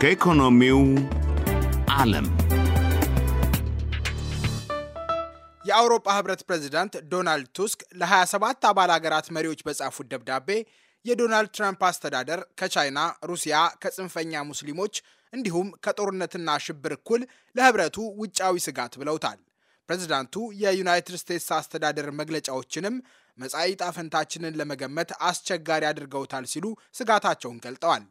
ከኢኮኖሚው ዓለም የአውሮፓ ህብረት ፕሬዚዳንት ዶናልድ ቱስክ ለ27 አባል አገራት መሪዎች በጻፉት ደብዳቤ የዶናልድ ትራምፕ አስተዳደር ከቻይና፣ ሩሲያ፣ ከጽንፈኛ ሙስሊሞች እንዲሁም ከጦርነትና ሽብር እኩል ለህብረቱ ውጫዊ ስጋት ብለውታል። ፕሬዚዳንቱ የዩናይትድ ስቴትስ አስተዳደር መግለጫዎችንም መጻኢ ዕጣ ፈንታችንን ለመገመት አስቸጋሪ አድርገውታል ሲሉ ስጋታቸውን ገልጠዋል።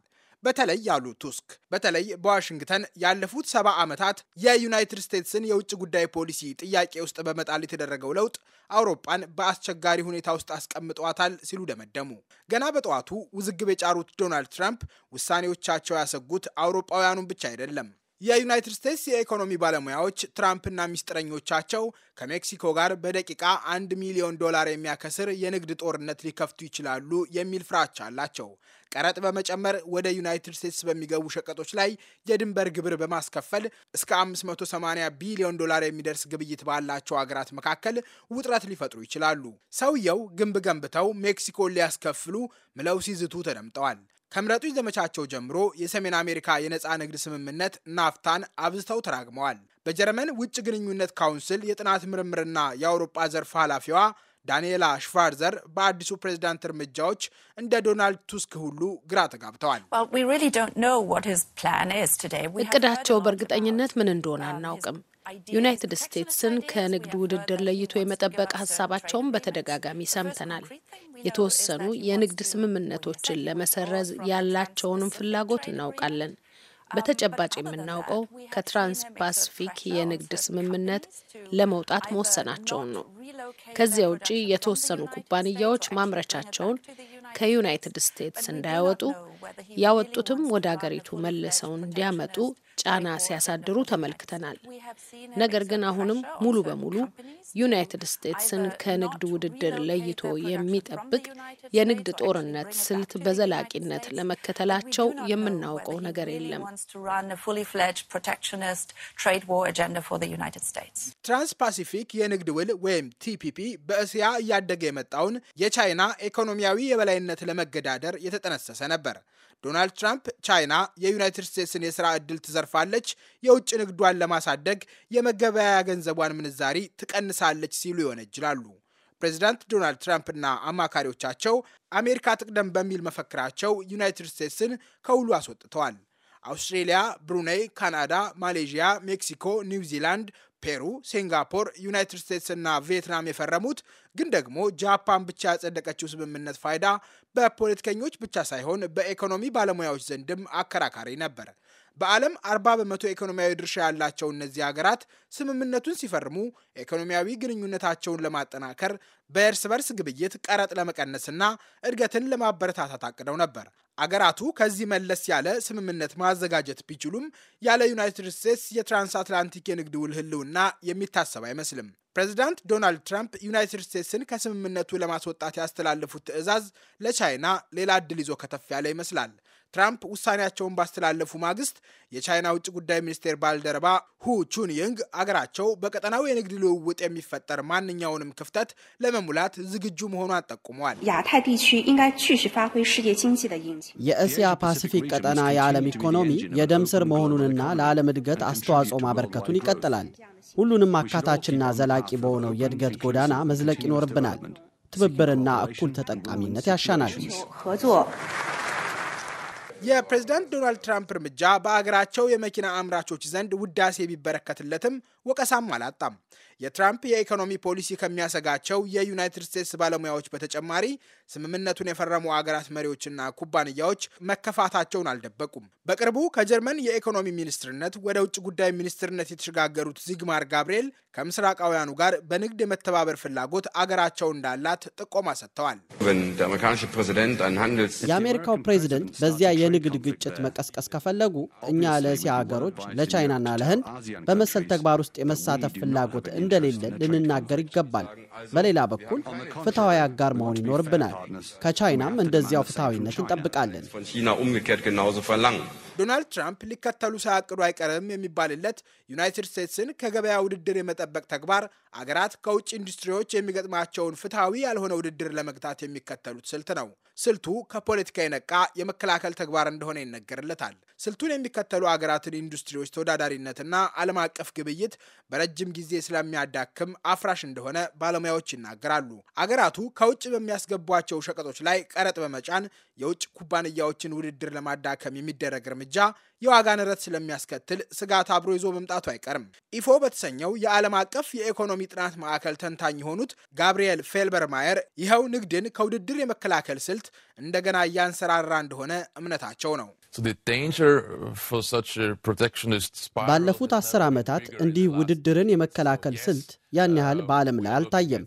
በተለይ ያሉ ቱስክ በተለይ በዋሽንግተን ያለፉት ሰባ ዓመታት የዩናይትድ ስቴትስን የውጭ ጉዳይ ፖሊሲ ጥያቄ ውስጥ በመጣል የተደረገው ለውጥ አውሮፓን በአስቸጋሪ ሁኔታ ውስጥ አስቀምጧታል ሲሉ ደመደሙ። ገና በጠዋቱ ውዝግብ የጫሩት ዶናልድ ትራምፕ ውሳኔዎቻቸው ያሰጉት አውሮፓውያኑን ብቻ አይደለም። የዩናይትድ ስቴትስ የኢኮኖሚ ባለሙያዎች ትራምፕና ሚስጥረኞቻቸው ከሜክሲኮ ጋር በደቂቃ አንድ ሚሊዮን ዶላር የሚያከስር የንግድ ጦርነት ሊከፍቱ ይችላሉ የሚል ፍራቻ አላቸው። ቀረጥ በመጨመር ወደ ዩናይትድ ስቴትስ በሚገቡ ሸቀጦች ላይ የድንበር ግብር በማስከፈል እስከ 580 ቢሊዮን ዶላር የሚደርስ ግብይት ባላቸው አገራት መካከል ውጥረት ሊፈጥሩ ይችላሉ። ሰውየው ግንብ ገንብተው ሜክሲኮን ሊያስከፍሉ ምለው ሲዝቱ ተደምጠዋል። ከምረጡኝ ዘመቻቸው ጀምሮ የሰሜን አሜሪካ የነፃ ንግድ ስምምነት ናፍታን አብዝተው ተራግመዋል። በጀርመን ውጭ ግንኙነት ካውንስል የጥናት ምርምርና የአውሮፓ ዘርፍ ኃላፊዋ ዳንኤላ ሽቫርዘር በአዲሱ ፕሬዝዳንት እርምጃዎች እንደ ዶናልድ ቱስክ ሁሉ ግራ ተጋብተዋል። እቅዳቸው በእርግጠኝነት ምን እንደሆነ አናውቅም። ዩናይትድ ስቴትስን ከንግድ ውድድር ለይቶ የመጠበቅ ሀሳባቸውን በተደጋጋሚ ሰምተናል። የተወሰኑ የንግድ ስምምነቶችን ለመሰረዝ ያላቸውንም ፍላጎት እናውቃለን። በተጨባጭ የምናውቀው ከትራንስ ፓስፊክ የንግድ ስምምነት ለመውጣት መወሰናቸውን ነው። ከዚያ ውጪ የተወሰኑ ኩባንያዎች ማምረቻቸውን ከዩናይትድ ስቴትስ እንዳያወጡ ያወጡትም ወደ አገሪቱ መልሰው እንዲያመጡ ጫና ሲያሳድሩ ተመልክተናል። ነገር ግን አሁንም ሙሉ በሙሉ ዩናይትድ ስቴትስን ከንግድ ውድድር ለይቶ የሚጠብቅ የንግድ ጦርነት ስልት በዘላቂነት ለመከተላቸው የምናውቀው ነገር የለም። ትራንስ ፓሲፊክ የንግድ ውል ወይም ቲፒፒ በእስያ እያደገ የመጣውን የቻይና ኢኮኖሚያዊ የበላይነት ለመገዳደር የተጠነሰሰ ነበር። ዶናልድ ትራምፕ ቻይና የዩናይትድ ስቴትስን የስራ ዕድል ትዘ ትዘርፋለች፣ የውጭ ንግዷን ለማሳደግ የመገበያያ ገንዘቧን ምንዛሪ ትቀንሳለች ሲሉ ይወነጅላሉ። ፕሬዚዳንት ዶናልድ ትራምፕ እና አማካሪዎቻቸው አሜሪካ ትቅደም በሚል መፈክራቸው ዩናይትድ ስቴትስን ከውሉ አስወጥተዋል። አውስትሬሊያ፣ ብሩኔይ፣ ካናዳ፣ ማሌዥያ፣ ሜክሲኮ፣ ኒውዚላንድ፣ ፔሩ፣ ሲንጋፖር፣ ዩናይትድ ስቴትስ እና ቪየትናም የፈረሙት ግን ደግሞ ጃፓን ብቻ ያጸደቀችው ስምምነት ፋይዳ በፖለቲከኞች ብቻ ሳይሆን በኢኮኖሚ ባለሙያዎች ዘንድም አከራካሪ ነበር። በዓለም 40 በመቶ ኢኮኖሚያዊ ድርሻ ያላቸው እነዚህ ሀገራት ስምምነቱን ሲፈርሙ ኢኮኖሚያዊ ግንኙነታቸውን ለማጠናከር በእርስ በርስ ግብይት ቀረጥ ለመቀነስና እድገትን ለማበረታታት አቅደው ነበር። አገራቱ ከዚህ መለስ ያለ ስምምነት ማዘጋጀት ቢችሉም ያለ ዩናይትድ ስቴትስ የትራንስአትላንቲክ የንግድ ውል ህልውና የሚታሰብ አይመስልም። ፕሬዚዳንት ዶናልድ ትራምፕ ዩናይትድ ስቴትስን ከስምምነቱ ለማስወጣት ያስተላለፉት ትዕዛዝ ለቻይና ሌላ ዕድል ይዞ ከተፍ ያለ ይመስላል። ትራምፕ ውሳኔያቸውን ባስተላለፉ ማግስት የቻይና ውጭ ጉዳይ ሚኒስቴር ባልደረባ ሁ ቹንይንግ አገራቸው በቀጠናው የንግድ ልውውጥ የሚፈጠር ማንኛውንም ክፍተት ለመሙላት ዝግጁ መሆኗን ጠቁመዋል። የእስያ ፓሲፊክ ቀጠና የዓለም ኢኮኖሚ የደም ስር መሆኑንና ለዓለም እድገት አስተዋጽኦ ማበርከቱን ይቀጥላል። ሁሉንም አካታችና ዘላቂ በሆነው የእድገት ጎዳና መዝለቅ ይኖርብናል። ትብብርና እኩል ተጠቃሚነት ያሻናል። የፕሬዝዳንት ዶናልድ ትራምፕ እርምጃ በአገራቸው የመኪና አምራቾች ዘንድ ውዳሴ ቢበረከትለትም ወቀሳም አላጣም። የትራምፕ የኢኮኖሚ ፖሊሲ ከሚያሰጋቸው የዩናይትድ ስቴትስ ባለሙያዎች በተጨማሪ ስምምነቱን የፈረሙ አገራት መሪዎችና ኩባንያዎች መከፋታቸውን አልደበቁም። በቅርቡ ከጀርመን የኢኮኖሚ ሚኒስትርነት ወደ ውጭ ጉዳይ ሚኒስትርነት የተሸጋገሩት ዚግማር ጋብርኤል ከምስራቃውያኑ ጋር በንግድ የመተባበር ፍላጎት አገራቸው እንዳላት ጥቆማ ሰጥተዋል። የአሜሪካው ፕሬዚደንት በዚያ የንግድ ግጭት መቀስቀስ ከፈለጉ እኛ ለእስያ ሀገሮች፣ ለቻይናና ለህንድ በመሰል ተግባር ውስጥ ውስጥ የመሳተፍ ፍላጎት እንደሌለ ልንናገር ይገባል። በሌላ በኩል ፍትሐዊ አጋር መሆን ይኖርብናል። ከቻይናም እንደዚያው ፍትሐዊነት እንጠብቃለን። ዶናልድ ትራምፕ ሊከተሉ ሳያቅዱ አይቀርም የሚባልለት ዩናይትድ ስቴትስን ከገበያ ውድድር የመጠበቅ ተግባር አገራት ከውጭ ኢንዱስትሪዎች የሚገጥማቸውን ፍትሐዊ ያልሆነ ውድድር ለመግታት የሚከተሉት ስልት ነው። ስልቱ ከፖለቲካ የነቃ የመከላከል ተግባር እንደሆነ ይነገርለታል። ስልቱን የሚከተሉ አገራትን ኢንዱስትሪዎች ተወዳዳሪነትና ዓለም አቀፍ ግብይት በረጅም ጊዜ ስለሚያዳክም አፍራሽ እንደሆነ ባለሙያዎች ይናገራሉ። አገራቱ ከውጭ በሚያስገቧቸው ሸቀጦች ላይ ቀረጥ በመጫን የውጭ ኩባንያዎችን ውድድር ለማዳከም የሚደረግ እርምጃ già የዋጋ ንረት ስለሚያስከትል ስጋት አብሮ ይዞ መምጣቱ አይቀርም። ኢፎ በተሰኘው የዓለም አቀፍ የኢኮኖሚ ጥናት ማዕከል ተንታኝ የሆኑት ጋብርኤል ፌልበርማየር ይኸው ንግድን ከውድድር የመከላከል ስልት እንደገና እያንሰራራ እንደሆነ እምነታቸው ነው። ባለፉት አስር ዓመታት እንዲህ ውድድርን የመከላከል ስልት ያን ያህል በዓለም ላይ አልታየም።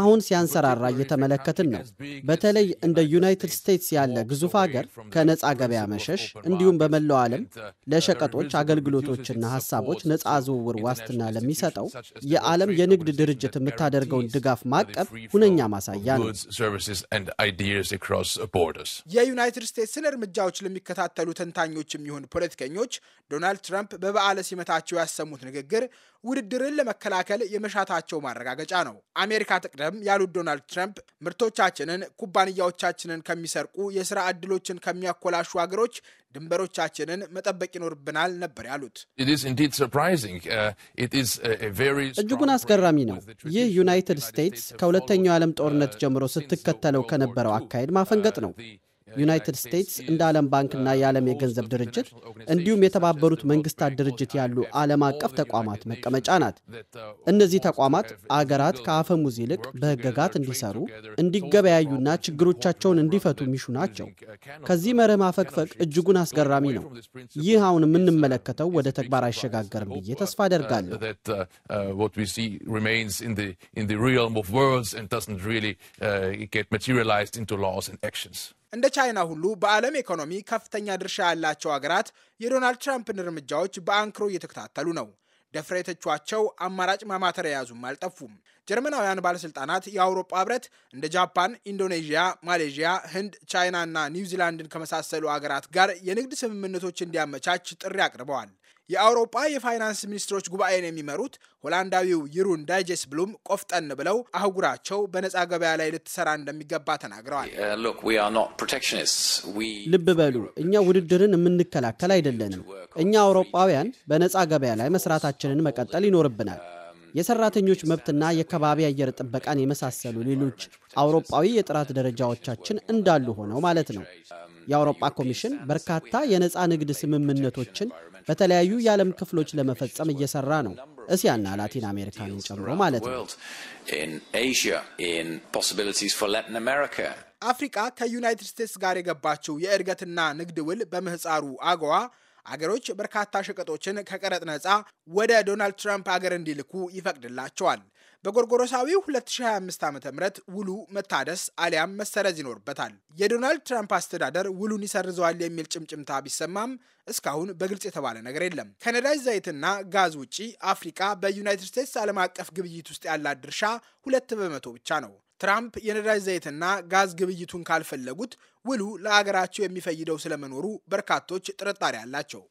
አሁን ሲያንሰራራ እየተመለከትን ነው። በተለይ እንደ ዩናይትድ ስቴትስ ያለ ግዙፍ አገር ከነፃ ገበያ መሸሽ እንዲሁም በመላው ቢሆንም ለሸቀጦች አገልግሎቶችና ሀሳቦች ነፃ ዝውውር ዋስትና ለሚሰጠው የዓለም የንግድ ድርጅት የምታደርገውን ድጋፍ ማቀብ ሁነኛ ማሳያ ነው። የዩናይትድ ስቴትስን እርምጃዎች ለሚከታተሉ ተንታኞች የሚሆን ፖለቲከኞች ዶናልድ ትራምፕ በበዓለ ሲመታቸው ያሰሙት ንግግር ውድድርን ለመከላከል የመሻታቸው ማረጋገጫ ነው። አሜሪካ ጥቅደም ያሉት ዶናልድ ትራምፕ ምርቶቻችንን፣ ኩባንያዎቻችንን ከሚሰርቁ የስራ ዕድሎችን ከሚያኮላሹ ሀገሮች ድንበሮቻችንን መጠበቅ ይኖርብናል ነበር ያሉት። uh, እጅጉን አስገራሚ ነው። ይህ ዩናይትድ ስቴትስ ከሁለተኛው የዓለም ጦርነት uh, ጀምሮ ስትከተለው ከነበረው uh, አካሄድ ማፈንገጥ ነው። ዩናይትድ ስቴትስ እንደ ዓለም ባንክና የዓለም የገንዘብ ድርጅት እንዲሁም የተባበሩት መንግስታት ድርጅት ያሉ ዓለም አቀፍ ተቋማት መቀመጫ ናት። እነዚህ ተቋማት አገራት ከአፈሙዝ ይልቅ በሕግጋት እንዲሰሩ፣ እንዲገበያዩና ችግሮቻቸውን እንዲፈቱ የሚሹ ናቸው። ከዚህ መርህ ማፈግፈግ እጅጉን አስገራሚ ነው። ይህ አሁን የምንመለከተው ወደ ተግባር አይሸጋገርም ብዬ ተስፋ አደርጋለሁ። get materialized into laws and actions. እንደ ቻይና ሁሉ በዓለም ኢኮኖሚ ከፍተኛ ድርሻ ያላቸው ሀገራት የዶናልድ ትራምፕን እርምጃዎች በአንክሮ እየተከታተሉ ነው። ደፍረተቿቸው አማራጭ ማማተር የያዙም አልጠፉም። ጀርመናውያን ባለስልጣናት የአውሮፓ ህብረት እንደ ጃፓን፣ ኢንዶኔዥያ፣ ማሌዥያ፣ ህንድ፣ ቻይና እና ኒውዚላንድን ከመሳሰሉ አገራት ጋር የንግድ ስምምነቶች እንዲያመቻች ጥሪ አቅርበዋል። የአውሮፓ የፋይናንስ ሚኒስትሮች ጉባኤን የሚመሩት ሆላንዳዊው ይሩን ዳይጀስ ብሉም ቆፍጠን ብለው አህጉራቸው በነፃ ገበያ ላይ ልትሰራ እንደሚገባ ተናግረዋል። ልብ በሉ፣ እኛ ውድድርን የምንከላከል አይደለንም። እኛ አውሮፓውያን በነፃ ገበያ ላይ መስራታችንን መቀጠል ይኖርብናል። የሰራተኞች መብትና የከባቢ አየር ጥበቃን የመሳሰሉ ሌሎች አውሮፓዊ የጥራት ደረጃዎቻችን እንዳሉ ሆነው ማለት ነው። የአውሮፓ ኮሚሽን በርካታ የነፃ ንግድ ስምምነቶችን በተለያዩ የዓለም ክፍሎች ለመፈጸም እየሰራ ነው። እስያና ላቲን አሜሪካንን ጨምሮ ማለት ነው። አፍሪቃ ከዩናይትድ ስቴትስ ጋር የገባችው የእድገትና ንግድ ውል በምህፃሩ አገዋ አገሮች በርካታ ሸቀጦችን ከቀረጥ ነፃ ወደ ዶናልድ ትራምፕ አገር እንዲልኩ ይፈቅድላቸዋል። በጎርጎሮሳዊው 2025 ዓ ም ውሉ መታደስ አሊያም መሰረዝ ይኖርበታል። የዶናልድ ትራምፕ አስተዳደር ውሉን ይሰርዘዋል የሚል ጭምጭምታ ቢሰማም እስካሁን በግልጽ የተባለ ነገር የለም። ከነዳጅ ዘይትና ጋዝ ውጪ አፍሪካ በዩናይትድ ስቴትስ ዓለም አቀፍ ግብይት ውስጥ ያላት ድርሻ ሁለት በመቶ ብቻ ነው። ትራምፕ የነዳጅ ዘይትና ጋዝ ግብይቱን ካልፈለጉት ውሉ ለአገራቸው የሚፈይደው ስለመኖሩ በርካቶች ጥርጣሬ አላቸው።